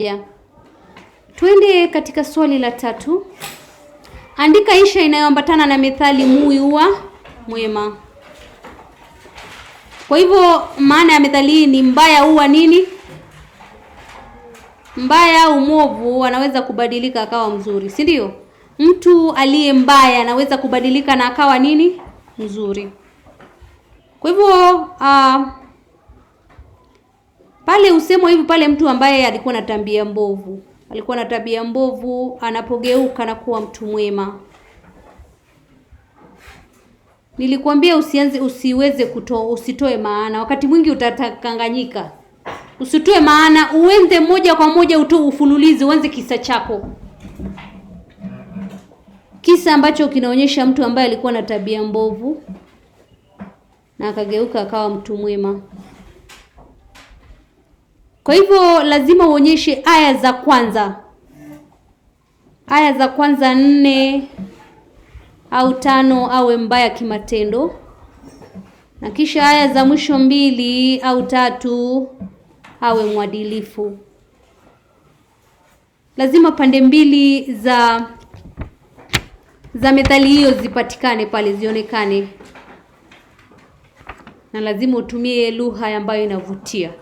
Yeah. Twende katika swali la tatu. Andika insha inayoambatana na methali mui huwa mwema. Kwa hivyo maana ya methali hii ni mbaya huwa nini? Mbaya au mwovu anaweza kubadilika akawa mzuri, si ndio? Mtu aliye mbaya anaweza kubadilika na akawa nini? Mzuri. Kwa hivyo uh, pale usemo hivi pale mtu ambaye alikuwa na tabia mbovu, alikuwa na tabia mbovu, anapogeuka na kuwa mtu mwema. Nilikwambia usianze, usiweze kutoa, usitoe maana. Wakati mwingi utakanganyika, usitoe maana, uende moja kwa moja, utoe ufululizi, uanze kisa chako, kisa ambacho kinaonyesha mtu ambaye alikuwa na tabia mbovu na akageuka akawa mtu mwema. Kwa hivyo lazima uonyeshe aya za kwanza, aya za kwanza nne au tano awe mbaya kimatendo, na kisha aya za mwisho mbili au tatu awe mwadilifu. Lazima pande mbili za za methali hiyo zipatikane pale, zionekane, na lazima utumie lugha ambayo inavutia.